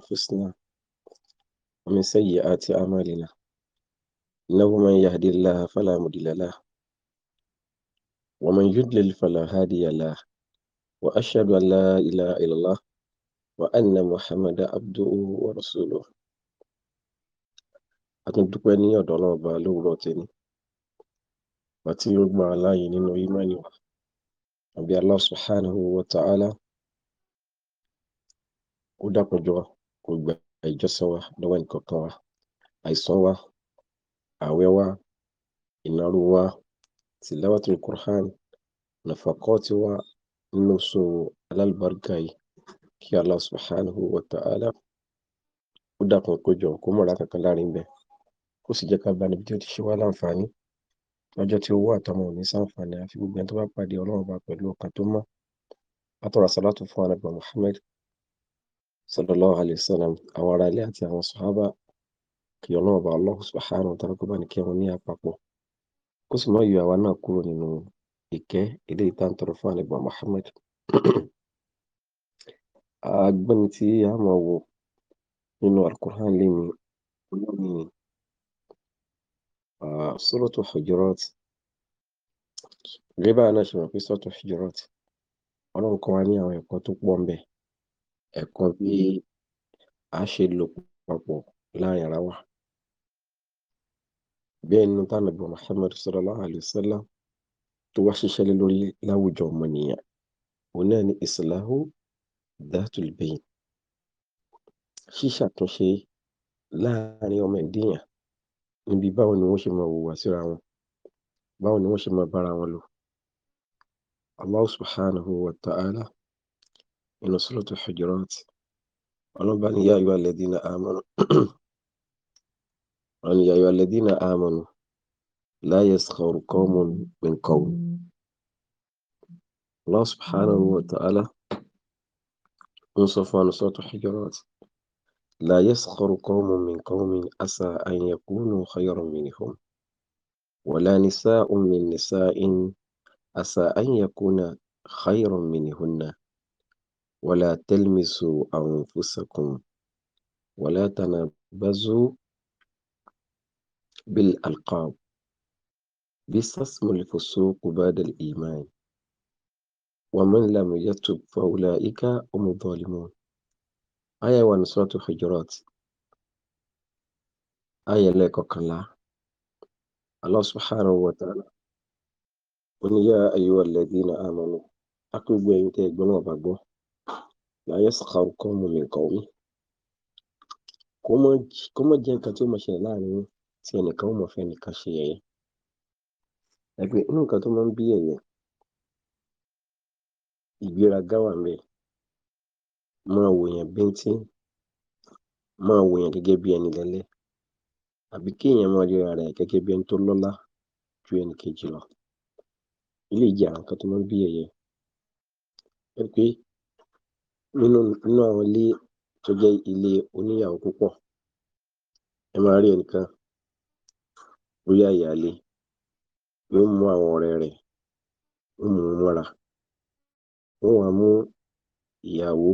أنفسنا ومن سيئات أعمالنا إنه من يهدي الله فلا مضل له ومن يضلل فلا هادي له وأشهد أن لا إله إلا الله وأن محمدا عبده ورسوله àtúndúpẹ́ ní ọ̀dọ̀ ọlọ́ọ̀ba lówùrọ̀ tẹ́ni àti ó gba aláàyè nínú ìmánì wa àbí Allah subhanahu wa ta'ala ó dápọ̀jọ́ kò gba ìjọsìn wa lọ́wọ́ ẹnìkọ̀ọ̀kan wa àìsàn wa ààwẹ̀ wa ìnáwó wa tìláwàtò quran nàfàkọ́ọ̀tì wa nínú oṣù alálùbáríkà yìí kí allah subhanahu wa ta'ala ó dàkún kó jọ kó mọ̀ra kankan láàrin bẹ́ẹ̀ ó sì jẹ́ ká bá níbi tí ó ti ṣe wá láǹfààní lọ́jọ́ tí owó àtọmọ ò ní sáǹfààní àfi gbogbo ẹni tó bá pàdé ọlọ́run bá pẹ̀lú ọkàn tó mọ́ látọ̀rọ̀ àsálàtò fún anábìà muhammed sallallahu alayhi wa sallam àwọn ará ilé àti àwọn sàhábà kí ọlọ́run bá Allah subhanahu wa ta'ala kó bá ní kí wọn ní àpapọ̀ kó sì má yọ àwa náà kúrò nínú ìkẹ́ eléyìí tá à ń tọrọ fún àlẹ́gbà Muhammad agbẹ́ni tí a máa wò nínú alukur'an lẹ́nu olómi suratu Hujurat gẹ́gẹ́ bá a náà ṣe mọ̀ pé suratu Hujurat ọlọ́run kọ́ wa ní àwọn ẹ̀kọ́ tó pọ̀ ń bẹ̀ ẹ̀kọ́ bí a ṣe lò papọ̀ láàrin ara wa. Bẹ́ẹ̀ nínú tánàbí Muhammad sallallahu alayhi wa sallam tó wá ṣiṣẹ́ lé lórí láwùjọ ọmọnìyàn, òun náà ni Ìsìláhù Dhatul Bayn. Ṣíṣàtúnṣe láàrin ọmọ ẹ̀dẹ́yàn níbi báwo ni wọ́n ṣe máa hùwà síra wọn, báwo ni wọ́n ṣe máa bára wọn lò. Allah subhanahu wa ta'ala إن سورة الحجرات قالوا يا أيها الذين آمنوا يا أيها الذين آمنوا لا يسخر قوم من قوم الله سبحانه وتعالى نصف سورة الحجرات لا يسخر قوم من قوم عسى أن يكونوا خيرا منهم ولا نساء من نساء عسى أن يكون خيرا منهن ولا تلمسوا أنفسكم ولا تنابزوا بالألقاب بس اسم الفسوق بعد الإيمان ومن لم يتب فأولئك هم الظالمون آية وان سورة الحجرات آية لك الله الله سبحانه وتعالى قل يا أيها الذين آمنوا أقول بأن تيجبنوا بقوه la yaskhar qawmun min qawmin kó mọ̀ jẹ́ nǹkan tí ó mọ̀ ṣẹlẹ̀ láàrin yín tí ẹnìkan ó mọ̀ fẹ́ ẹnìkan ṣe yẹ̀yẹ́ ẹgbẹ́ inú nǹkan tó máa ń bí yẹ̀yẹ́ ìgbéraga wà ń bẹ̀ máa wòyàn bíntín máa wòyàn gẹ́gẹ́ bí ẹni lẹ́lẹ́ àbí kéèyàn máa ríra rẹ̀ gẹ́gẹ́ bí ẹni tó lọ́lá ju ẹnì kejì lọ eléyìí jẹ́ nǹkan tó máa ń bí yẹ̀yẹ́ pé nínú nínú àwọn ilé tó jẹ́ ilé oníyàwó púpọ̀ ẹ máa rí ẹnìkan bóyá ìyáálé yóò mú àwọn ọ̀rẹ́ rẹ̀ yóò mú wọn mọ́ra wọ́n wàá mú ìyàwó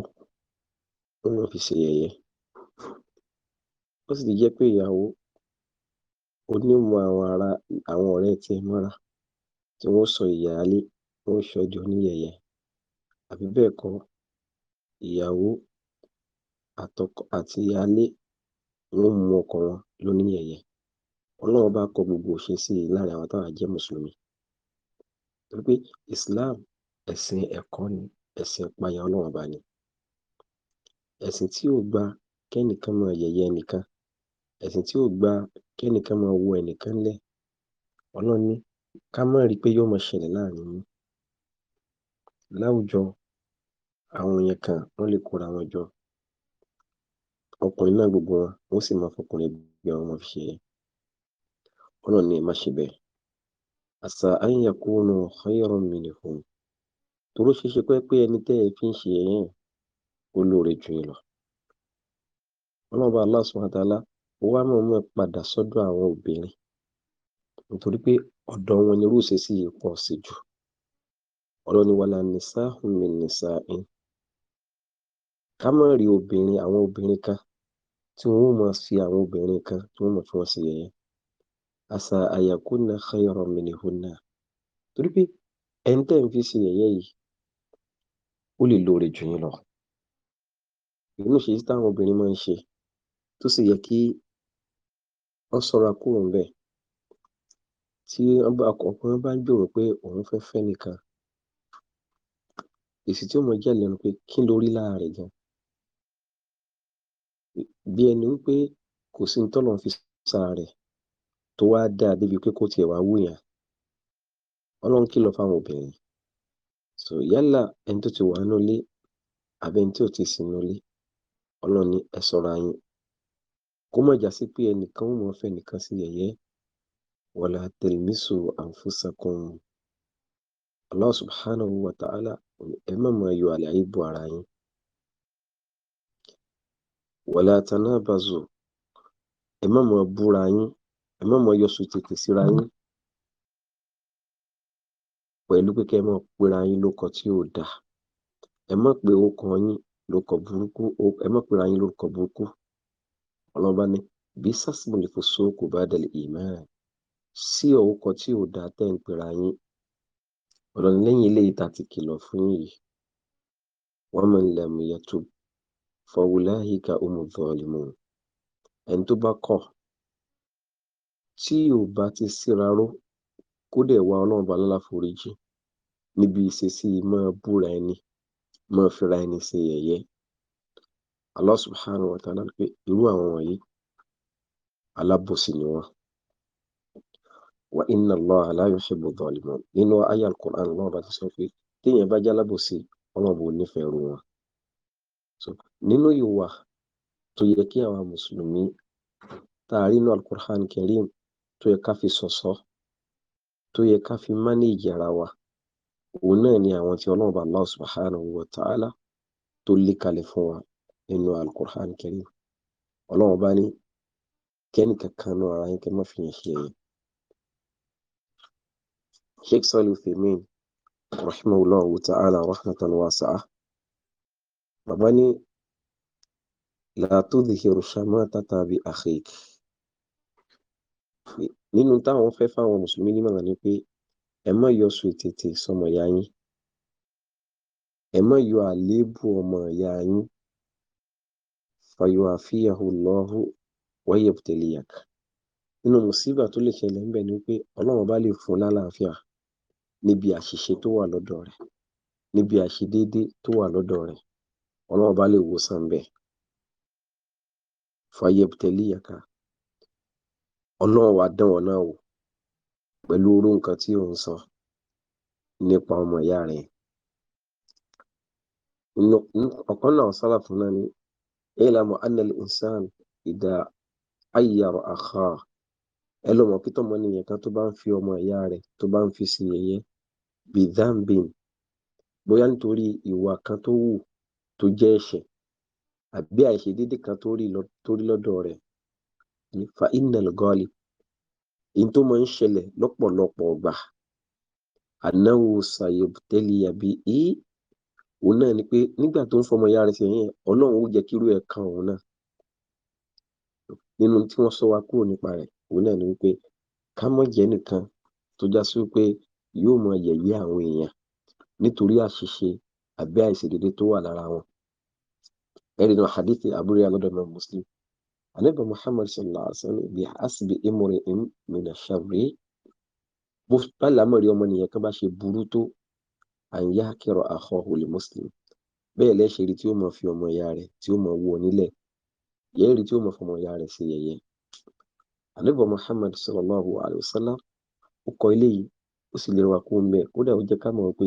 wọ́n lọ fi ṣe yẹ̀yẹ́ ó sì ti jẹ́ pé ìyàwó onímọ àwọn ará àwọn ọ̀rẹ́ tiẹ̀ mọ́ra tí wọ́n sọ ìyáálé wọ́n sọ ọ́ di àbí bẹ́ẹ̀ kọ́ ìyàwó àtìyáálé wọn ń mu ọkọ wọn lóníyẹ̀yẹ́. Ọlọ́run Ọba kọ gbogbo ìṣesí yìí láàrin àwa táwa jẹ́ Mùsùlùmí torí Islam ẹ̀sìn ẹ̀kọ́ ni, ẹ̀sìn ìpayà Ọlọ́run Ọba ni. Ẹ̀sìn tí ò gba kẹ́nìkan máa yẹ̀yẹ́ ẹnìkan, ẹ̀sìn tí ò gba kẹ́nìkan máa wo ẹnìkan ńlẹ̀. Ọlọ́run ní ká má ri pé yó máa ṣẹlẹ̀ láàrin yín láwùjọ àwọn yẹn kan wọ́n lè kóra wọn jọ ọkùnrin náà gbogbo wọn wọ́n sì máa fọkùnrin gbé àwọn ọmọ fi ṣe yẹn ọlọ́run ní ẹ má ṣe bẹ́ẹ̀ àṣà ayíyàkúnú khayran minhum toró ṣeéṣe pé pé ẹni tẹ́ ẹ fi ń ṣe yẹn ó lóore jù yín lọ ọlọ́run bá Allah subhanahu ó wá mọ̀ mọ́ padà sọ́dọ̀ àwọn obìnrin nítorí pé ọ̀dọ̀ wọn ni irú ìṣesí pọ̀ sí jù ọlọ́run ní wala nisa'un min nisa'in ká má rí obìnrin àwọn obìnrin kan tí wọn ó máa fi àwọn obìnrin kan tí wọn ó máa fi wọn ṣe yẹ̀yẹ́ àṣà àyàkúnà khayra minihunna torí pé ẹni tẹ́ ń fi ṣe yẹ̀yẹ́ yìí ó lè lóore jù yín lọ ìlú ṣèyí táwọn obìnrin máa ń ṣe tó sì yẹ kí wọ́n ṣọ́ra kúrò ń bẹ̀ tí ọkùnrin bá ń gbèrò pé òun fẹ́ fẹ́ nìkan èsì tí ó mọ jẹ́ lẹ́nu pé kí ló rí lára rẹ̀ gan bí ẹni wípé kò sí ní tọ́lọ́run fi sára rẹ̀ tó wá dáa débi pé kó tiẹ̀ wá wúyàn ọlọ́run kìlọ̀ fáwọn obìnrin so yálà ẹni tó ti wà nínú ilé àbí ẹni tí ò ti sí nínú ilé ọlọ́run ní ẹ ṣọ́ra yín kó mọ̀ já sí pé ẹnìkan ó mọ̀ fẹ́ nìkan sí yẹ̀yẹ́ wala talmisu anfusakum Allah subhanahu wa ta'ala ẹ má mọ̀ yọ àlàyé bo ara yín wọ̀lá tanábàzò ẹ má mọ̀ búra yín ẹ má mọ̀ yọ sùtètè síra mm-hmm. yín pẹ̀lú pé kẹ́ ẹ máa pera yín lóko tí ò dáa ẹ má pe orúkọ yín lóko burúkú ẹ má pera yín lórúkọ burúkú ọlọ́ba ni bí sásìmọ̀ lè fò sóòkù bá dẹ̀lẹ̀ ìmáà sí orúkọ tí ò dáa tẹ́ ń pera yín ọ̀rọ̀ lẹ́yìn eléyìí tá ti kìlọ̀ fún yìí wọ́n mọ̀ ń lẹ̀mú yẹtùbù fọwùláhìíkà òmùdọ̀ọ̀lìmọ̀ ẹni tó bá kọ̀ tí ò bá ti síra ró kó dẹ̀ wá ọlọ́run bá lálàforíjì níbi ìṣesí máa búra ẹni máa fira ẹni ṣe yẹ̀yẹ́ Allah subhanahu wa ta'ala pé irú àwọn wọ̀nyí alábòsí ni wọ́n wa inna Allaha la yuhibbu adh-dhalimin nínú àyá Al-Qur'an bá ti sọ pé téèyàn bá jálábòsí ọlọ́run bò nífẹ̀ẹ́ irú wọn so nínú ìwà tó yẹ kí àwa mùsùlùmí tá a rí nínú alukur'an kareem tó yẹ ká fi ṣọ̀ṣọ́ tó yẹ ká fi mánéèjì ara wa òun náà ni àwọn tí ọlọ́run bá Allah subhanahu wa ta'ala tó lé kalẹ̀ fún wa nínú alukur'an kareem ọlọ́run bá ní kẹ́nìkankan nínú ara yín kẹ́ má fi yẹn ṣe ẹ̀yẹ. sheikh salu femin rahimahullah ta'ala rahmatan wasa'a bàbá ní làtó dìhìrù sàmà tàtà bí àkèkì nínú táwọn fẹ́ fáwọn mùsùlùmí nímọ̀ràn ni pé ẹ má yọ sùn tètè sọmọ ìyá yín ẹ má yọ àléébù ọmọ ìyá yín fàyọ àfihàn lọ́hùn wáyé tẹ̀léyàk nínú mùsíbà tó lè ṣẹlẹ̀ ń bẹ̀ ni pé ọlọ́run bá lè fún un lálàáfíà níbi àṣìṣe tó wà lọ́dọ̀ rẹ̀ níbi àṣedéédé tó wà lọ́dọ̀ rẹ̀ ọlọ́run bá lè wòsàn bẹ́ẹ̀ fàyẹ̀bùtẹ̀lì yàkà ọlọ́run wàá dán wọn náà wò pẹ̀lú orú nǹkan tí ò ń sọ nípa ọmọ ìyá rẹ̀ ọ̀kan náà sára fún náà ni ilamu anal insan ìdá ayyar akha ẹ lọ mọ̀ pé tọmọ nìyẹn kan tó bá ń fi ọmọ ìyá rẹ̀ tó bá ń fi sí yẹ̀yẹ́ bidambin bóyá nítorí ìwà kan tó wù tó jẹ́ ẹ̀ṣẹ̀ àbí àìṣedéédé kan tó rí lọ́dọ̀ rẹ̀ fa innal ghalib èyí tó máa ń ṣẹlẹ̀ lọ́pọ̀lọpọ̀ ọgbà annahu sayubtaliya bihi òun náà ni pé nígbà tó ń fọmọ ìyá rẹ̀ sẹ́yìn ọlọ́run ó jẹ́ ẹ̀ kan òun náà nínú tí wọ́n sọ kúrò nípa rẹ̀ òun náà ni wípé ká mọ̀ jẹ́ nìkan tó já àbí àìṣedédé tó wà lára wọn ẹ̀rí nínú hadithi àbúrò yà lọ́dọ̀ mẹ́rin muslim anabi muhammad sallallahu alaihi wa sallam bi hasbi imri im mina sharri bó bá lámọ̀rí ọmọnìyàn kan bá ṣe burú tó à ń yá kẹrọ akhahu li muslim bẹ́ẹ̀ lẹ́ṣẹ̀ rí tí ó mọ̀ fi ọmọ ìyá rẹ̀ tí ó mọ̀ wọ nílẹ̀ yẹ́ rí tí ó mọ̀ fọmọ ìyá rẹ̀ sí yẹ̀yẹ́ anabi muhammad sallallahu alaihi wa sallam ó kọ ilé yìí ó sì lè wà kó ń bẹ́ẹ̀ kódà ó jẹ́ ká mọ̀ pé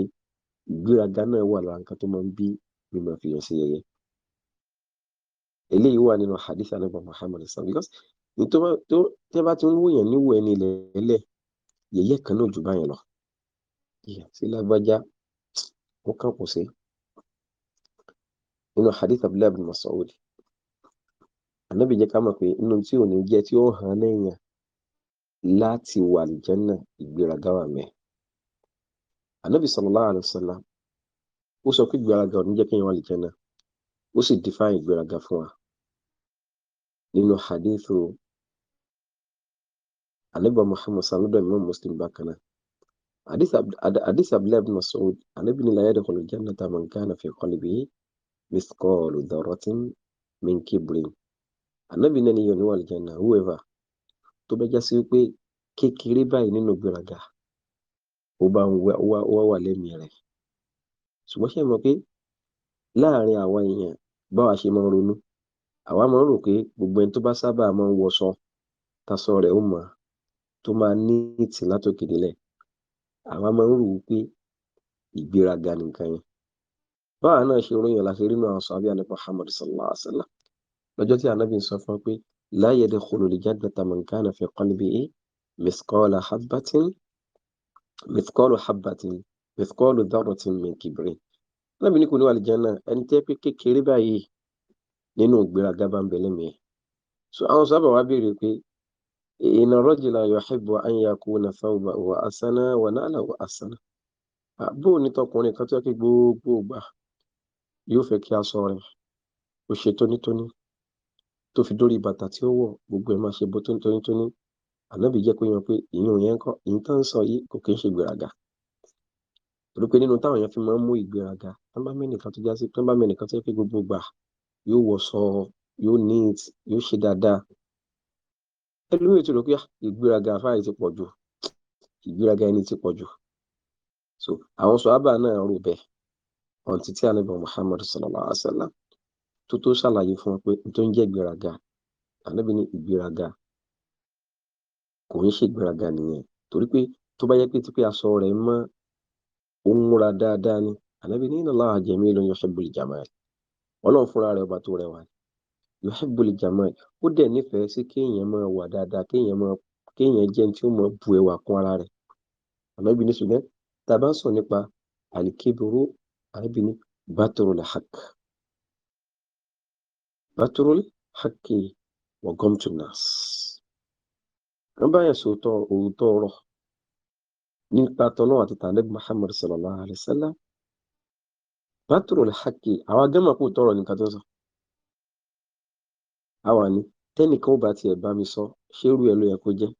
ìgbéraga náà wà lára nǹkan tó máa ń bí mímọ fi hàn sí yẹ̀yẹ́ eléyìí wà nínú hadith anábà Muhammad sàn because tó bá ti ń wòyàn níwò ẹni lẹ́lẹ̀ yẹ̀yẹ́ kan náà jù báyẹn lọ ìyá sí lágbájá ó kàn kò sí nínú hadith Abdullahi bin Mas'ud ànábì jẹ́ ká mọ̀ pé inú tí ò ní jẹ́ tí ó hàn náà láti wà lìjẹ́ náà ìgbéraga wà mẹ́ẹ̀ ànábì sallallahu alaihi wasallam ó sọ pé ìgbéraga ò ní jẹ́ kí èèyàn wà lè jẹ́nà ó sì define ìgbéraga fún wa nínú hadithu ànábì muhammad sallallahu alaihi muslim bákan náà hadith abdullahi ibn mas'ud ànábì ní la yadkhulu jannata man kana fi qalbihi mithqalu dharratin min kibrin ànábì náà ni yóò ní wà lè jẹ́nà whoever tó bá já wípé kékeré báyìí nínú ìgbéraga ó bá ń wá wá wà lẹ́mìí rẹ̀ ṣùgbọ́n ṣe mọ̀ pé láàrin àwa èèyàn báwa ṣe máa ń ronú àwa máa ń rò pé gbogbo ẹni tó bá sábà máa ń wọṣọ taṣọ rẹ̀ ó mọ́ tó máa ní ìtì látòkè délẹ̀ àwa máa ń rò pé ìgbéraga nìkan yẹn báwa náà ṣe ròyìn la ṣe rí náà sọ abíyá nípa Muhammad sallallahu alaihi wa sallam lọ́jọ́ tí anabi sọ fún pé la yadkhulul jannata man kana fi qalbihi mithqala habbatin mithqalu habbatin mithqalu dharratin min kibrin Ànábì ní kò ní wà àlìjánà ẹni tẹ́ pé kékeré báyìí nínú ìgbéraga bá ń bẹ lẹ́mìí so àwọn sábà wá béèrè pé inna rajula yuhibbu an yakuna thawbahu hasana wa na'lahu hasana àbúrò nítọkùnrin kan tó yẹ kí gbogbo ìgbà yóò fẹ́ kí aṣọ rẹ̀ ó ṣe tónítóní tó fi dórí bàtà tí ó wọ̀ gbogbo ẹ̀ máa ṣe bó tónítóní ànábì jẹ́ kó yẹ pé ìyún yẹn kọ́ ìyún tó ń sọ yìí kò kí ń ṣe ìgbéraga torí pé nínú táwọn èèyàn fi máa ń mú ìgbéraga tán bá mẹ́nìkan tó já sí tán bá mẹ́nìkan tó yẹ pé gbogbo gbà yóò wọṣọ yóò neat yóò ṣe dáadáa ẹlòmíràn tó rò ah, ìgbéraga afárá ti pọ̀ jù ìgbéraga ẹni ti pọ̀ jù so àwọn sọ̀hábà náà rò bẹ́ẹ̀ ọ̀ǹtí tí ànábì Muhammad sallallahu alaihi wasallam tó tó ṣàlàyé fún wọn pé tó kò ń ṣègbéraga nìyẹn torí pé tó bá jẹ́ pé tí pé aṣọ rẹ̀ mọ́ ó ń múra dáadáa ni ànábì ní inna Allaha jamilun yuhibbul jamal ọlọ́run fúnra rẹ̀ ọba tó rẹwà yuhibbul jamal ó dẹ̀ nífẹ̀ẹ́ sí kéèyàn máa wà dáadáa kéèyàn máa kéèyàn jẹ́ tí ó máa bu ẹwà kún ara rẹ̀ ànábì ní ṣùgbọ́n tá a bá ń sọ nípa al-kibru ní batrul haqq batrul haqqi wa wọ́n bá yẹn sòótọ́ òótọ́ ọ̀rọ̀ nípa n'o àti tàlẹ́bù Muhammad sallallahu alayhi wa sallam bátòrò lẹ́hàkì àwọn agẹ́mọ̀ kò tọrọ nìkan tó sọ. àwa ni tẹ́nìkan ó bá tiẹ̀ bá mi sọ ṣé irú ẹ̀ ló yẹ kó jẹ́.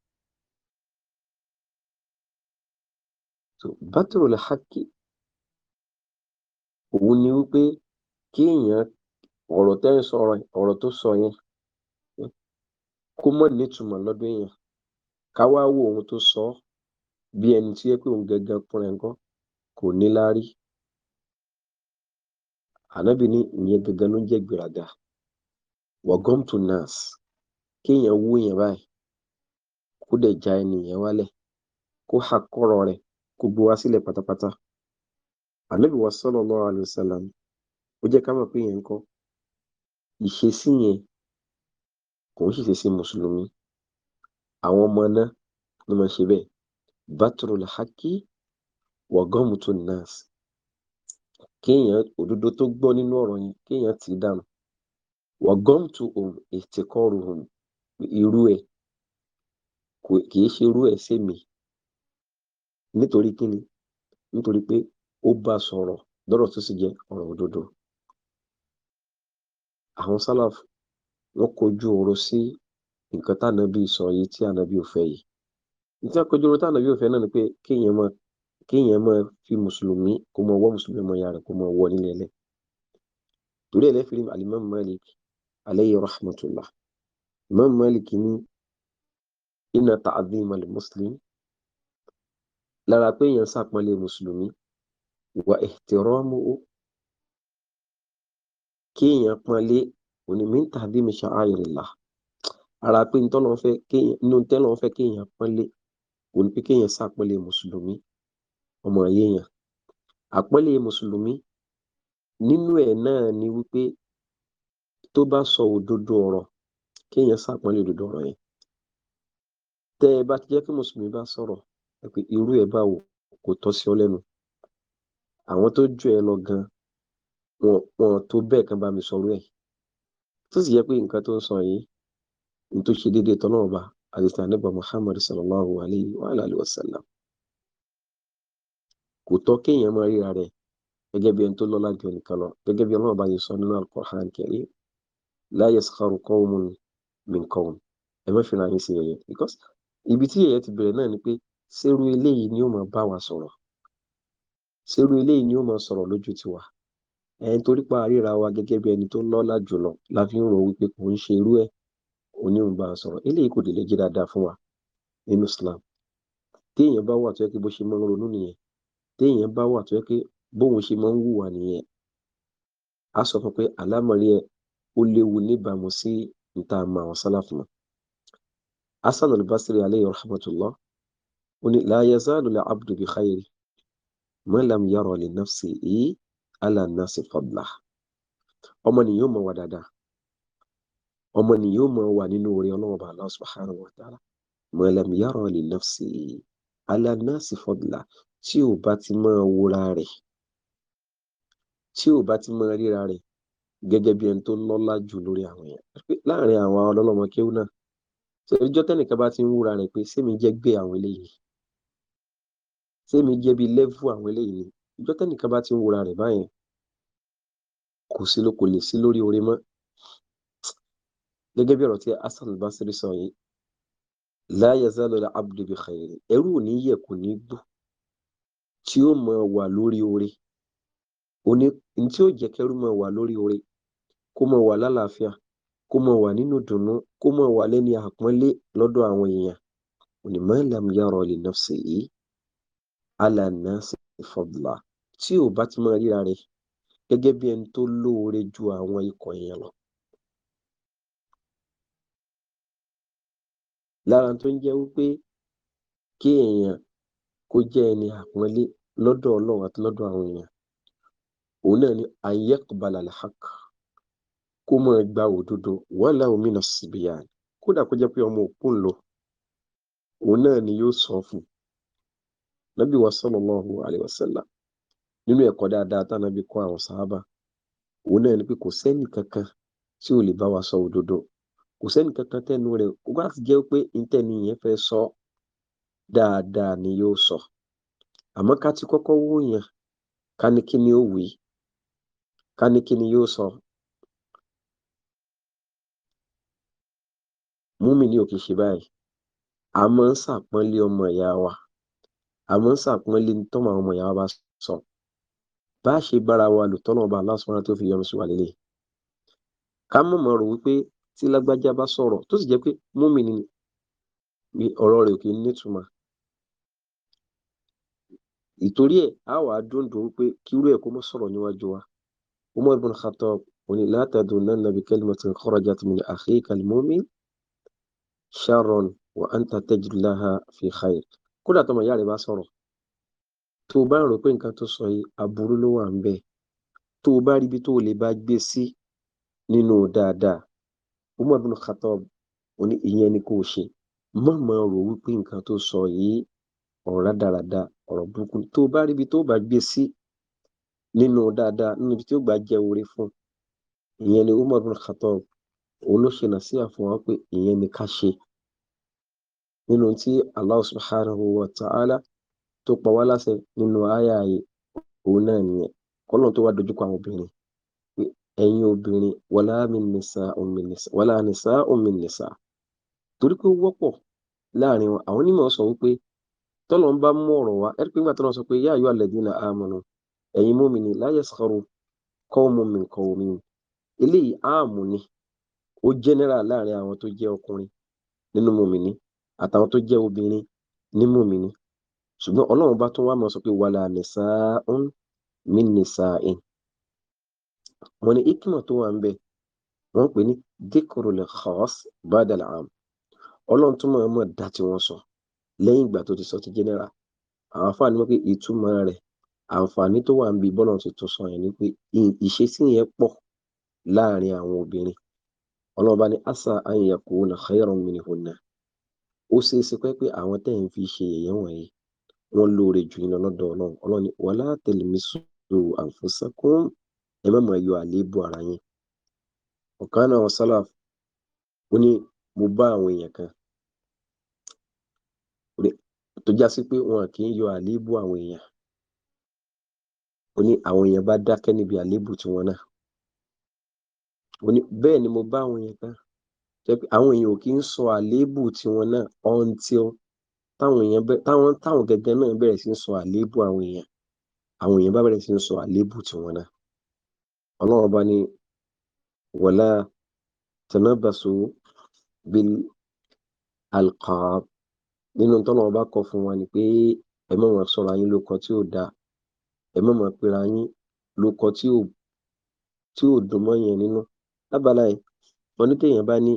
bátòrò lẹ́hàkì òun ni wípé kéèyàn ká wá wo ohun tó sọ ọ bí ẹni tí ó jẹ́ pé òun gangan fúnra ẹ̀ ńkọ́ kò níláárí ànábì ní ìyẹn ló ń jẹ́ to nas kéèyàn wú báyìí kó dẹ̀ ja ẹni yẹn wálẹ̀ kó hà kọ́rọ̀ rẹ̀ kó gbé wá sílẹ̀ pátápátá ànábì wa ó jẹ́ ká mọ̀ pé yẹn ń kọ́ ìṣesí yẹn kò ń ṣèṣe sí àwọn ọmọ iná ló máa ń ṣe bẹ́ẹ̀ batrul haqi wọ̀gọ́mùtún nas kéèyàn òdodo tó gbọ́ nínú ọ̀rọ̀ yẹn kéèyàn tì í dànù wọ̀gọ́mùtún òun ètìkọ́rù òun irú ẹ̀ kì í ṣe irú ẹ̀ sèmi nítorí kíni nítorí pé ó bá sọ̀rọ̀ lọ́rọ̀ tó sì jẹ́ ọ̀rọ̀ òdodo àwọn sálàf wọ́n kojú ọ̀rọ̀ sí nǹkan tánàbí sọ yìí tí ànàbí ò fẹ́ yìí nítorí àpéjọrò tánàbí ò fẹ́ náà ni pé kéèyàn máa kéèyàn máa fi mùsùlùmí kó máa wọ mùsùlùmí ọmọ ìyá rẹ̀ kó máa wọ nílẹ̀ ẹlẹ́ torí ẹ̀ lẹ́fìrí alimami Malik alayhi rahmatullah imam Malik ní inna ta'dhima li muslim lára pé èèyàn sàpọ́nlé mùsùlùmí wa ihtiramuhu kéèyàn pọ́nlé òní min ta'dhimi sha'airillah ara pé ntọ́nà fẹ́ kéèyàn inú tẹ́nà fẹ́ kéèyàn pọ́nlé kò ní pé kéèyàn sàpọ́nlé mùsùlùmí ọmọ yéèyàn àpọ́nlé mùsùlùmí nínú ẹ̀ náà ni wípé tó bá sọ òdodo ọ̀rọ̀ kéèyàn sàpọ́nlé òdodo ọ̀rọ̀ yẹn tẹ́ ẹ bá ti jẹ́ kí mùsùlùmí bá sọ̀rọ̀ ẹ pé irú ẹ̀ báwo kò tọ́ sí ọ lẹ́nu àwọn tó jù ẹ lọ gan wọn wọn tó bẹ́ẹ̀ kan bá mi sọ̀rọ̀ ẹ̀ tó sì yẹ pé nǹkan tó ń sọ yìí ní tó ṣe déédéé tọ́lọ́ ọba àdìsàn àdìbà Muhammad sallallahu alayhi wa alayhi wa sallam kò tọ́ kéèyàn máa ríra rẹ̀ gẹ́gẹ́ bí ẹni tó lọ́lá ju ẹnìkan lọ gẹ́gẹ́ bí ọlọ́ọ̀bá yìí sọ nínú Al-Qur'an Karim la yaskharu qawmun min ẹ má fìlà yín sí yẹ̀yẹ́ because ibi tí yẹ̀yẹ́ ti bẹ̀rẹ̀ náà ni pé ṣerú eléyìí ni ó máa bá wa sọ̀rọ̀ ṣerú eléyìí ni ó máa sọ̀rọ̀ lójú tiwa ẹni torí pa àríra wa gẹ́gẹ́ bí ẹni tó lọ́lá jùlọ la fi ń rò wípé kò ń ṣe irú ẹ̀ onye bá a sọ̀rọ̀ eléyìí kò délé jẹ́ dáadáa fún wa nínú Islam téèyàn bá wà tó yẹ pé bó ṣe máa ń ronú nìyẹn téèyàn bá wà tó yẹ pé a sọ fún pé àlámọ̀rí ẹ ó léwu níbàámu alayhi rahmatullah la yazalu abdu ma lam yara li ala an-nasi fadlah ọmọnìyàn ó mọ̀ wà ọmọ nìyí ó máa wà nínú orin ọlọ́run ọba Allah subhanahu wa ta'ala mọ̀lẹ́m yàrá lè nọ́ọ̀sì alánàásì fọ́dùlà tí ò bá ti máa wúra rẹ̀ tí ò bá ti máa ríra rẹ̀ gẹ́gẹ́ bí ẹni tó lọ́lá jù lórí àwọn èèyàn láàrin àwọn ọlọ́lọ́mọ kéwù náà ìjọ tẹ́nìkan bá ti ń wúra rẹ̀ pé sẹ́mi jẹ́ gbé àwọn eléyìí sẹ́mi jẹ́ bí lẹ́fù àwọn eléyìí ìjọ tẹ́nìkan bá ti ń wúra rẹ̀ báyẹn kò sí ló lè sí lórí orin mọ́ gẹ́gẹ́ bí ọ̀rọ̀ tí Hasan Basri sọ yìí la yazalu al-abdu bi khayri ẹrú ò ní yẹ kò ní gbó tí ó mọ wà lórí oore òní tí ó jẹ kẹrú mọ wà lórí oore kó mọ wà lálàáfíà kó mọ wà nínú dùnnú kó mọ wà lẹ́ni àpọ́nlé lọ́dọ̀ àwọn èèyàn òní ma lam yara li nafsihi ala nasi fadla tí ò bá ti máa ríra rẹ̀ gẹ́gẹ́ bí ẹni tó lóore ju àwọn ikọ̀ èèyàn lọ. lára tó ń jẹ́ wípé kí èèyàn kó jẹ́ ẹni àpọ́nlé lọ́dọ̀ ọlọ́run àti lọ́dọ̀ àwọn èèyàn òun náà ni ayẹ́kùbalà làhàk kó máa gba òdodo wàhálà òmìnira síbìyà kódà kó jẹ́ pé ọmọ òkú ń lọ òun náà ni yóò sọ fún nàbí wa sallallahu alayhi wa sallam nínú ẹ̀kọ́ dáadáa tánàbí kọ́ àwọn sáábà òun náà ni pé kò sẹ́nì kankan tí ò lè bá wa sọ òdodo kò sẹ́ni kankan tẹnu rẹ̀ kó bá ti jẹ́ pé ntẹ̀ni yẹn fẹ́ sọ dáadáa ni yóò sọ àmọ́ ká ti kọ́kọ́ wó yẹn ká ní kí ni ó wí ká ní kí ni yóò sọ. múmi ni ò kì í ṣe báyìí a máa ń ṣàpọ́nlé ọmọ ìyá wa a máa ń ṣàpọ́nlé tọ́mọ ọmọ ìyá wa bá sọ bá a ṣe bára wa lò tọ́lọ́mọba aláṣọ́ra tó fi yọnu sí wa lélẹ̀ ká mọ̀mọ́ rò wípé tí lágbájá bá sọ̀rọ̀ tó sì jẹ́ pé mùmínì ni ọ̀rọ̀ rẹ̀ ò kì í nítumọ̀ ìtorí ẹ̀ á wà á dúndùn pé kírú ẹ̀ kó mọ́ sọ̀rọ̀ níwájú wa Umar ibn Khattab òní la tadunanna bi kalimatin kharajat min akhika al-mu'min sharran wa anta tajidu laha fi khair kódà tọmọ ìyá rẹ bá sọ̀rọ̀ tó o bá rò pé nǹkan tó sọ yìí aburú ló wà ń bẹ tó o bá ríbi tó o lè bá gbé sí nínú dáadáa umar bin khattab ó ní ìyẹn ni kò ṣe má máa rò wípé nǹkan tó sọ yìí ọ̀rọ̀ rádaràda ọ̀rọ̀ burúkú tó bá ríbi tó bá gbé sí nínú dáadáa nínú ibi tí ó gbà jẹ oore fún ìyẹn ni umar bin khattab òun ló ṣe nàṣíà fún wa pé ìyẹn ni ká ṣe nínú tí allah subhanahu wa ta'ala tó pa wá láṣẹ nínú àyà yìí òun náà nìyẹn kọ́lọ́n tó wá dojúkọ àwọn obìnrin ẹ̀yin obìnrin wàlá min nisa'un min nisa' wàlá nisa'un min nisa' torí pé ó wọ́pọ̀ láàrin wọn àwọn onímọ̀ sọ wípé tọ́lọ̀ ń bá mú ọ̀rọ̀ wá ẹ̀rí pé nígbà tọ́lọ̀ sọ pé yá àyọ́ alladhina amanu ẹ̀yin mùmínì la yaskharu qawmun min qawmin eléyìí áàmù ni ó general láàrin àwọn tó jẹ́ ọkùnrin nínú mùmínì àtàwọn tó jẹ́ obìnrin ní mùmínì ṣùgbọ́n ọlọ́run bá tún wá mọ̀ sọ pé wàlá nisa'un min nisa'in wọ́n ní ikima tó wà ń bẹ wọ́n pè ní dhikrul khas badal am ọlọ́run tó máa mọ̀ dá tí wọ́n sọ lẹ́yìn ìgbà tó ti sọ ti general àwọn afáàní wọn pé ìtumọ̀ rẹ̀ àǹfààní tó wà ń bi bọ́lọ̀ ti tún sọ yẹn ni pé ìṣesí yẹn pọ̀ láàrin àwọn obìnrin ọlọ́run bá ní asa an yakuna khayran minhunna ó ṣeé ṣe pé àwọn tẹ́ ń fi ṣe yẹ̀yẹ́ wọ̀nyí wọ́n lóore jù yín lọ́dọ̀ ọlọ́run ọlọ́run ni wala talmisu anfusakum ẹ má máa yọ àléébù ara yín ọ̀kan náà àwọn sálàf ó ní mo bá àwọn èèyàn kan tó já sí pé wọn kì í yọ àléébù àwọn èèyàn ó ní àwọn èèyàn bá dákẹ́ níbi àléébù tiwọn náà ó ní bẹ́ẹ̀ ni mo bá àwọn èèyàn kan jẹ́ pé àwọn èèyàn ò kì í sọ àléébù tiwọn náà until táwọn èèyàn bẹ táwọn táwọn gẹ́gẹ́ náà bẹ̀rẹ̀ sí í sọ àléébù àwọn èèyàn àwọn èèyàn bá bẹ̀rẹ̀ sí í sọ àléébù tiwọn náà ọlọ́run bá ní wọlá tẹnabàṣọ bil alqab nínú tọ́lọ́run bá kọ fún wa ni pé ẹ má máa sọra yín lóko tí ò dáa ẹ má máa pera yín lóko tí ò tí ò dùn mọ́ yẹn nínú lábala yìí wọn ní téèyàn bá ní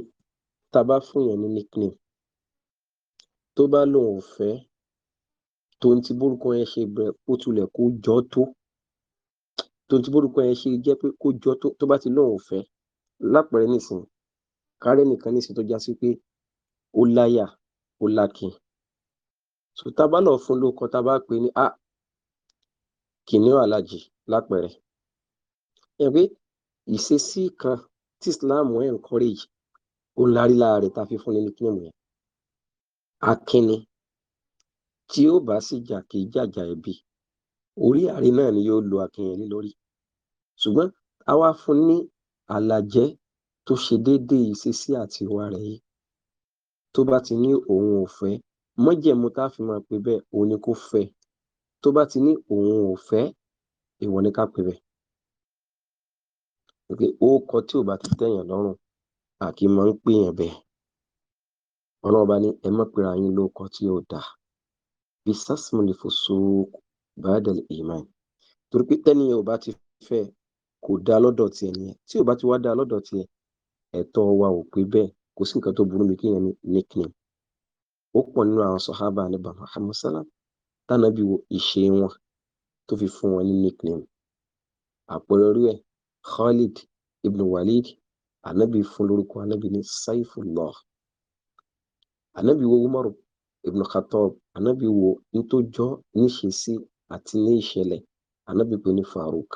tá fún yẹn ní nickname tó bá lóun ò fẹ́ tóun ti bórúkọ yẹn ṣe bẹ̀rẹ̀ ó tilẹ̀ kó jọ tó tó ti bórúkọ yẹn ṣe jẹ́ pé kó jọ tó bá ti lóun fẹ́ lápẹ̀rẹ̀ nìsín kárẹ́ nìkan nìsín tó já sí pé ó láyà ó lákin so tábà náà fún lóko tábà pé ní a kìnìún alájì lápẹ̀rẹ̀ ẹ pé ìṣesí kan tí Islam ẹ̀ ń encourage ó lárí lára tá a fi fún ní nickname yẹn akínni tí ó bá sì jà kì í jàjà ẹ̀bi orí àárín náà ni yóò lo akínyẹlé lórí ṣùgbọ́n a wá fún un ní àlàjé tó ṣe déédéé ìṣesí àti ìwà rẹ̀ yìí tó bá ti ní òun ò fẹ́ mọ́jẹ̀mú tá a fi máa pè bẹ́ẹ̀ òun ni kó fẹ́ tó bá ti ní òun ò fẹ́ èèwọ̀ ni ká pè bẹ́ẹ̀ pé ókọ tí ò bá ti tẹ̀yàn lọ́rùn a kì í máa ń pèèyàn bẹ́ẹ̀ ọlọ́run bá ní ẹ má pera yín lóko tí ò dáa bí sásìmọ́lì fòṣó bàdàl ìmáì torí pé tẹ́nìyàn ò bá ti fẹ́ kò dáa lọ́dọ̀ tiẹ̀ nìyẹn tí ò bá ti wá dáa lọ́dọ̀ tiẹ̀ ẹ̀tọ́ wa ò pé bẹ́ẹ̀ kò sí nǹkan tó burú mi kéèyàn ní nickname ó pọ̀ nínú àwọn sọ̀hábà àníbà Muhammad salam tánàbí wo ìṣe wọn tó fi fún wọn ní nickname àpẹẹrẹ orí ẹ̀ Khalid ibn Walid ànábì fún lórúkọ ànábì ní Saifullah ànábì wo Umar ibn Khattab ànábì wo ní tó jọ níṣe sí àti ní ìṣẹ̀lẹ̀ ànábì pé ní Farouk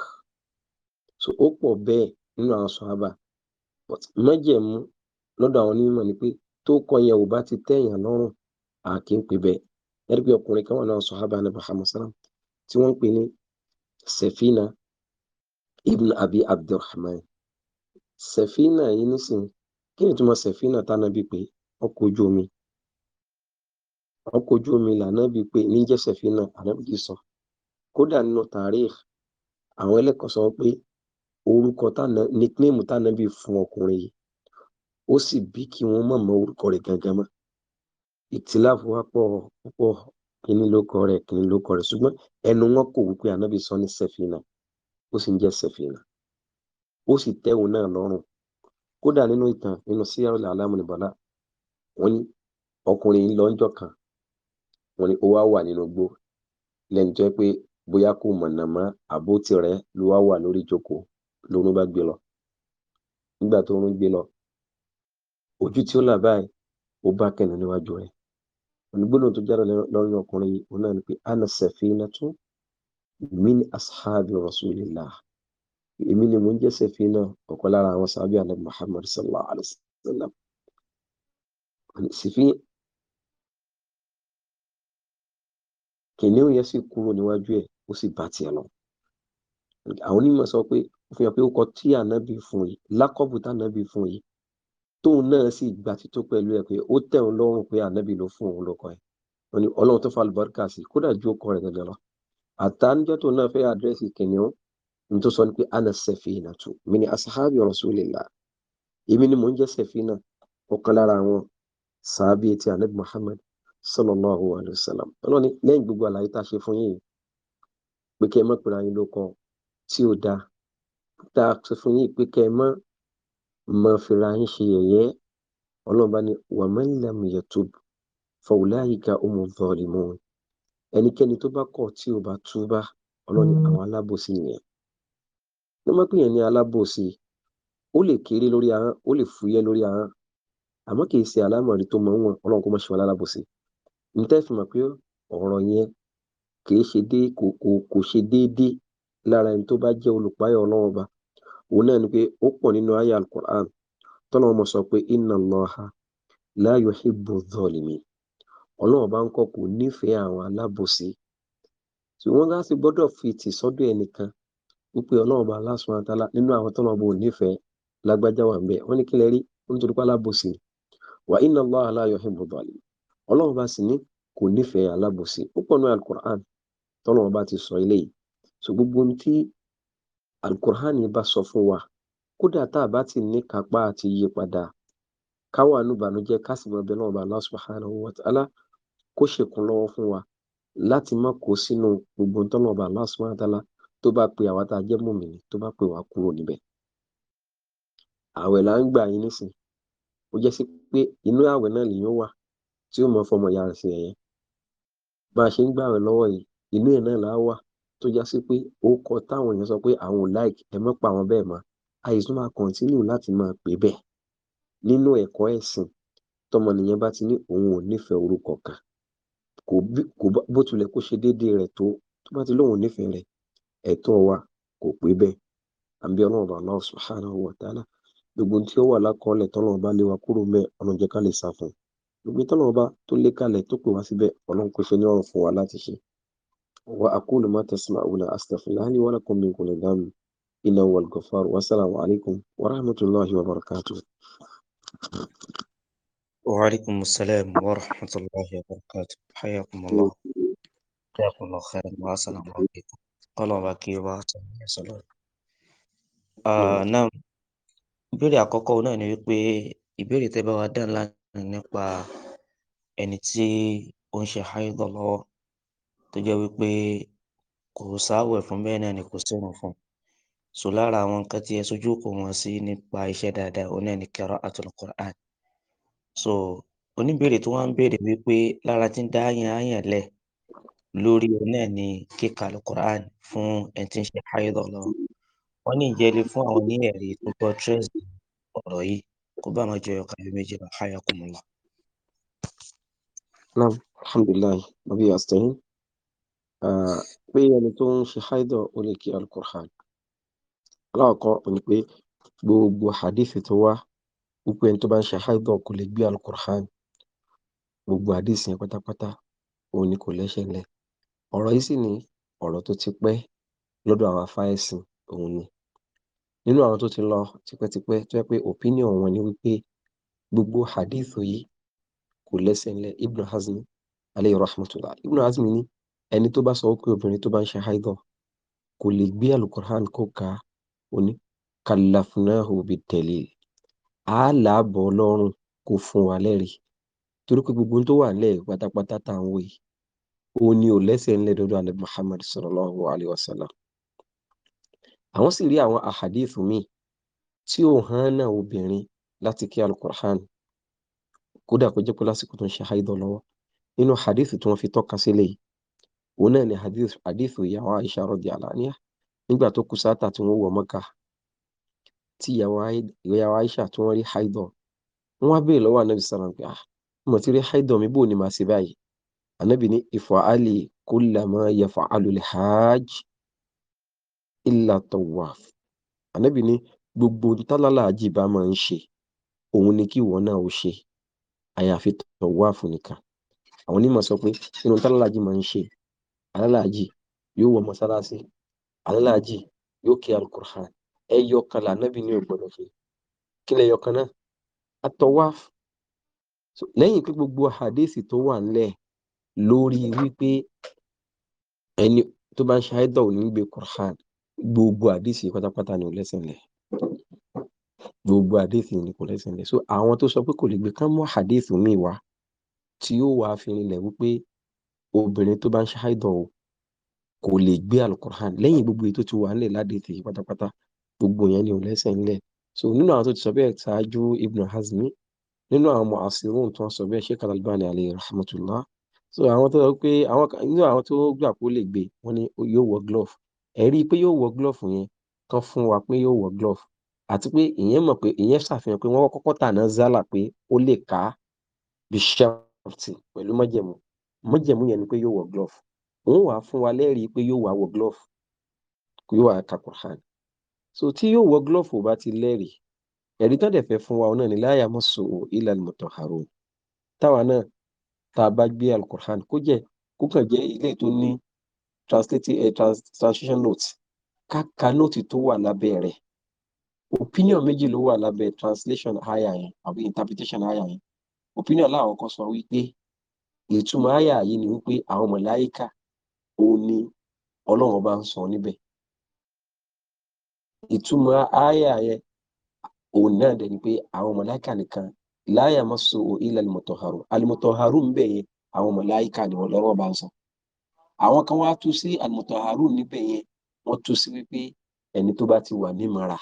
so ó pọ̀ bẹ́ẹ̀ nínú àwọn sọ̀hábà but májẹ̀mú lọ́dọ̀ àwọn onímọ̀ ni pé tó kọ yẹn ò bá ti tẹ̀yàn lọ́rùn à kì í pè bẹ́ẹ̀ ẹ̀rí pé ọkùnrin kan wà náà sọ̀hábà ní Muhammad salam tí wọ́n ń pè ní Sefina ibn Abi Abdulrahman Sefina yìí nísìn kí ni túmọ̀ Sefina tánàbí pé ọkọ̀ ojú omi ọkọ̀ ojú omi lànàbí pé níjẹ́ Sefina ànàbí kì í sọ kódà nínú tàríkh àwọn ẹlẹ́kọ̀ọ́ sọ pé orúkọ tánà nickname tánà bíi fún ọkùnrin yìí ó sì bí kí wọ́n mọ̀ mọ́ orúkọ rẹ̀ gangan mọ́ ìtìláfù wá pọ̀ púpọ̀ kíní ló kọ rẹ̀ kíní ló enu rẹ̀ ẹnu wọn kò wípé ànábì sọ ní sẹfìnà ó sì ń jẹ́ sẹfìnà ó sì tẹ́ náà lọ́rùn kódà nínú ìtàn nínú ọkùnrin kan ó wá wà nínú lẹ́nu jẹ́ pé bóyá kò lóorun bá gbé lọ nígbà tó ń gbé lọ ojú tí ó là báyìí ó bá kẹ̀nà níwájú rẹ̀ onígbónà tó jáde lọ́rùn ọkùnrin yìí náà pé ana safinatu min ashabi rasulillah èmi ni mò ń jẹ́ safina ọ̀kan lára àwọn sábẹ́ àná muhammad sallallahu alayhi wa sallam sèfín kìnìún yẹn sì kúrò níwájú ẹ̀ ó sì bá tiẹ̀ lọ àwọn onímọ̀ sọ pé fi hàn pé ó kọ tí ànábì fún yìí lákọ̀bù tánábì fún yìí tóun náà sì gbà tító pẹ̀lú ẹ̀ pé ó tẹ̀ ń lọ́rùn pé ànábì ló fún òun lọ́kọ ẹ̀ wọn ni ọlọ́run tó fa àlùbáríkà sí kódà ju ọkọ rẹ̀ gẹ́gẹ́ lọ àtàǹjọ́ tó náà fẹ́ àdírẹ́sì kìnìún ní tó sọ ni pé ana sẹ̀fìnà tù mí ni asahabi rasulillah èmi ni mò ń jẹ́ sẹ̀fìnà ọ̀kan lára àwọn sàábì etí anabi muhammad sallallahu alayhi wa sallam ọlọ́run ni lẹ́yìn gbogbo àlàyé tá a ṣe fún yín pé kí ẹ má pèrè ayé ló tí ó dáa tá a sọ fún yín pé kẹ́ ẹ mọ́ mọ́ fira yín ṣe yẹ̀yẹ́ ọlọ́run bá ní wa man lam yatub fa ulaika umu zalimun ẹnikẹ́ni tó bá kọ̀ tí ò bá túbá ọlọ́run ní hmm. àwọn alábòsí nìyẹn ní wọ́n pè yẹn ní alábòsí ó lè kéré lórí ahọ́n ó lè fúyẹ́ lórí ahọ́n àmọ́ kì ṣe alámọ̀rí tó mọ̀ ń ọlọ́run kó mọ̀ ṣe wọn lálábòsí ní fi mọ̀ pé ọ̀rọ̀ yẹn kì ṣe dé kò ṣe déédéé lára ẹni tó bá jẹ́ olùpáyọ̀ ọlọ́run ọba òun náà ni pé ó pọ̀ nínú àyà alukur'an tọ́nà ọmọ sọ pé inna Allaha la yuhibbu zalimin ọlọ́run ọba ń kọ́ kò nífẹ̀ẹ́ àwọn alábòsí tí wọ́n gá sí gbọ́dọ̀ fi tì sọ́dọ̀ ẹnìkan wípé ọlọ́run ọba nínú àwọn tọ́nà ọba ò nífẹ̀ẹ́ lágbájá wà wọ́n ti sọ so gbogbo ohun tí alukur'ani bá sọ fún wa kódà tá a bá ti ní kápá àti yí padà káwa nù bànújẹ́ ká sì mọ ẹ̀bẹ̀ náà bá Allah subhanahu wa ta'ala kó ṣèkún lọ́wọ́ fún wa láti má kó sínú gbogbo ohun tọ́nà bá Allah subhanahu wa ta'ala tó bá pe àwa tá a jẹ́ mùmìnì tó bá pe wá kúrò níbẹ̀. àwẹ̀ là ń gbà yín nísìn ó jẹ́ sí pé inú àwẹ̀ náà lèyàn wà tí ó mọ fọmọ ìyá rẹ̀ sí ẹ̀yẹ bá a ṣe ń gbàwẹ̀ lọ́wọ́ yìí inú ẹ̀ náà là á wà tó já sí pé orúkọ táwọn èèyàn sọ pé àwọn ò like ẹ mọ́ pa àwọn bẹ́ẹ̀ mọ́ àìsàn máa kọ̀ntínú láti máa pè bẹ́ẹ̀ nínú ẹ̀kọ́ ẹ̀sìn tọmọnìyàn bá ti ní òun ò nífẹ̀ẹ́ orúkọ kan kò bó tilẹ̀ kó ṣe déédéé rẹ̀ tó tó bá ti lóun nífẹ̀ẹ́ rẹ̀ ẹ̀tọ́ wa kò pé bẹ́ẹ̀ àbí ọlọ́run bá Allah subhanahu wa ta'ala gbogbo tí ó wà lákọọ́lẹ̀ tọ́lọ́run bá lé wa kúrò mẹ́ ọlọ́run jẹ́ ká lè sá fún gbogbo tọ́lọ́run bá tó lé kalẹ̀ tó pè wá síbẹ̀ ọlọ́run kò ṣe ní ọ̀rọ̀ fún wa láti ṣe وأقول ما تسمعون أستغفر لي ولكم من كل ذنب إنه هو الغفار والسلام عليكم ورحمة الله وبركاته وعليكم السلام ورحمة الله وبركاته حياكم الله جزاكم الله خيرا والسلام عليكم قال باكي وعليكم نعم ìbéèrè àkọ́kọ́ náà ni wípé ìbéèrè tẹ́ bá wa dá ńlá nípa ẹni tí ó ń ṣe háìdọ̀ lọ́wọ́ tó jẹ́ wípé kò sáwẹ̀ fún bẹ́ẹ̀ náà ni kò sírun fún so lára àwọn nǹkan tí ẹ sojú kò wọ́n sí nípa iṣẹ́ dáadáa òun náà ni qira'atul Qur'an so oníbèrè tó wá ń béèrè wípé lára tí ń dá yàn áyàn lẹ̀ lórí òun náà ni kíka alukur'an fún ẹni tí ń ṣe haidọ̀ lọ wọ́n ní ìjẹ́lé fún àwọn ní ẹ̀rí tó gbọ́ tírẹ́sì ọ̀rọ̀ yìí kó bá máa jẹyọ kàwé méjì lọ háyà kùmùlà. Naam, alhamdulillah, wa bihi asta'in pé ẹni tó ń ṣe haidọ̀ ó lè kí alukur'an aláwọ̀kọ́ ò ní pé gbogbo hadithi tó wá wípé ẹni tó bá ń ṣe haidọ̀ kò lè gbé alukur'an gbogbo hadithi yẹn pátápátá òun ni kò lẹ́sẹ̀ lẹ̀ ọ̀rọ̀ yìí sì ni ọ̀rọ̀ tó ti pẹ́ lọ́dọ̀ àwọn afáẹ̀sìn òun ni nínú àwọn tó ti lọ tipẹ́tipẹ́ tó yẹ pé opinion wọn ni wípé gbogbo hadith yìí kò lẹ́sẹ̀ ńlẹ̀ Ibn Hazm alayhi rahmatullah Ibn Hazm ni ẹni tó bá sọ pé obìnrin tó bá ń ṣe haidọ kò lè gbé alukur'an kó ka oní kàlàfùnáhù bi tẹ̀lé a làbọ̀ ọlọ́run kò fún wa lẹ́rìí torí pé gbogbo tó wà lẹ́ẹ̀ pátápátá tá à ń wò yìí ó ní ò lẹ́sẹ̀ ńlẹ̀ dọ́dọ̀ alẹ́ Muhammad sallallahu alayhi wa sallam àwọn sì rí àwọn ahadith míì tí ó hàn náà obìnrin láti kí alukur'an kódà kó jẹ́ pé lásìkò tó ń ṣe haidọ lọ́wọ́ nínú hadith tí wọ́n fi tọ́ka sílẹ̀ yìí òun náà ni hadith hadith ìyàwó Aisha radiyallahu anha nígbà tó kù sátà tí wọ́n wọ Mọ́kà tí ìyàwó Aisha tí wọ́n rí haidọ̀ wọ́n wá béèrè lọ́wọ́ anabi sallam pé ah mo ti rí haidọ̀ mi bò ní màá ṣe báyìí anabi ní ifa'ali kullama yafa'alu al-hajj illa tawaf anabi ní gbogbo ntálálà àjìbá máa ń ṣe òun ni kí ìwọ náà ó ṣe àyàfi tawaf nìkan àwọn onímọ̀ sọ pé inú ntálálà àjì máa ń ṣe alálàájì yóò wọ mọ́sálásí alálàájì yóò kí alukur'an ẹyọ kan lànàbí ní ògbọ́dọ̀ fi kílẹ̀ ẹyọ kan náà atọwáf lẹ́yìn pé gbogbo hadisi tó wà ńlẹ̀ lórí wípé ẹni tó bá ń ṣe àìdọ̀ ò ní gbé kur'an gbogbo hadisi pátápátá ni ò lẹ́sìn lẹ̀ gbogbo hadisi ni kò lẹ́sìn lẹ̀ so àwọn tó sọ pé kò lè gbé ká mọ́ hadisi míì wá tí ó wàá fi rinlẹ̀ wípé obìnrin tó bá ń ṣe haidọ̀ o kò lè gbé alukur'an lẹ́yìn gbogbo èyí tó ti wà nílẹ̀ ládé tèyí pátápátá gbogbo yẹn ni ò lẹ́sẹ̀ ńlẹ̀ so nínú àwọn tó ti sọ bẹ́ẹ̀ ṣáájú Ibn Hazmi nínú àwọn mu'asirun tó ń sọ bẹ́ẹ̀ Sheikh Al-Albani alayhi rahmatullah so àwọn tó sọ pé àwọn nínú àwọn tó gbà pé ó lè gbé wọn ni yóò wọ glove ẹ̀rí pé yóò wọ glove yẹn kan fún wa pé yóò wọ glove àti pé ìyẹn mọ̀ pé ìyẹn ṣàfihàn pé wọ́n kọ́kọ́ tà náà zálà pé ó lè ká bishop pẹ̀lú májẹ̀mú mọ́jẹ̀mú yẹn ni pé yóò wọ glove òun wàá fún wa lẹ́rìí pé yóò wàá wọ glove yóò wàá ka so tí yóò wọ glove ò bá ti lẹ́rìí ẹ̀rí tán dẹ̀ fẹ́ fún wa náà ni la yamassuhu illa al-mutahharun táwa náà tá a bá gbé al kó jẹ́ kó kàn jẹ́ ilé tó ní eh, translation note ka nóòtì tó wà lábẹ́ rẹ̀ opinion méjì ló wà lábẹ́ translation aya yẹn àbí interpretation aya yẹn opinion aláwọ̀kọ́ sọ wípé ìtumọ̀ àyà yìí ni wípé àwọn mọ̀láyíkà òun ni ọlọ́run bá ń sọ níbẹ̀ ìtumọ̀ àyà yẹn òun náà dẹ̀ ni pé àwọn mọ̀láyíkà nìkan láyà máa so ilẹ̀ alimọ̀tọ̀haru alimọ̀tọ̀haru ń bẹ̀ yẹn àwọn mọ̀láyíkà ni wọ́n lọ́rọ̀ bá ń sọ àwọn kan wá tú sí alimọ̀tọ̀haru níbẹ̀ yẹn wọ́n tú sí wípé ẹni tó bá ti wà nímọ̀ra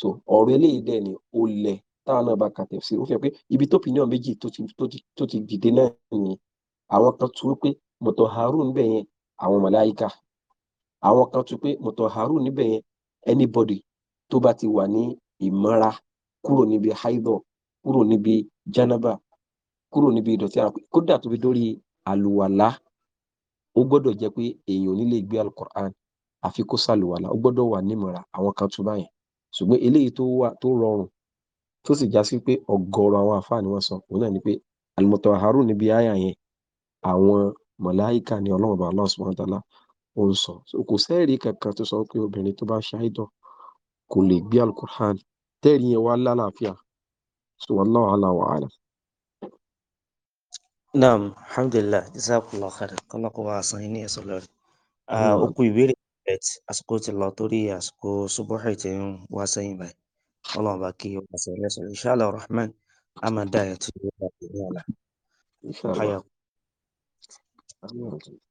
so ọ̀rọ̀ eléyìí dẹ̀ ni ó lẹ̀ táwọn náà bá ka tẹ̀sí ó fi hàn pé ibi tó opinion méjì tó ti tó ti dìde náà nìyẹn àwọn kan tún pé mọ̀tọ̀ harun níbẹ̀ yẹn àwọn màláíkà àwọn kan tún pé mọ̀tọ̀ harun níbẹ̀ yẹn anybody tó bá ti wà ní ìmọ́ra kúrò níbi haidọ̀ kúrò níbi janaba kúrò níbi ìdọ̀tí ara kódà tó fi dórí àlùwàlá ó gbọ́dọ̀ jẹ́ pé èèyàn ò ní lè gbé alukur'an àfi kó sàlùwàlá ó gbọ́dọ̀ wà nímọ̀ra àwọn kan tún báyẹn ṣùgbọ́n eléyìí tó rọrùn tó sì já sí pé ọ̀gọ̀rọ̀ àwọn àfáà ni wọ́n sọ òun náà ni pé al-mutahharun níbi àyà yẹn àwọn màláíkà ni ọlọ́run bá Allah subhanahu wa ta'ala ó ń sọ kò sẹ́ẹ̀rí kankan tó sọ pé obìnrin tó bá ṣe àìdọ̀ kò lè gbé al-Qur'an tẹ́ẹ̀rí yẹn wá lálàáfíà so wallahu a'lam wa a'lam. naam alhamdulillah jazakallah khairan kọ́lá kó wá san yín ní ẹ̀sọ́ lórí. Ah, ó ìbéèrè àsìkò ti lọ torí àsìkò subuhi ti ń wá sẹ́yìn báyìí. الله باكي وصل ان شاء الله الرحمن اما دايت ان شاء الله حياكم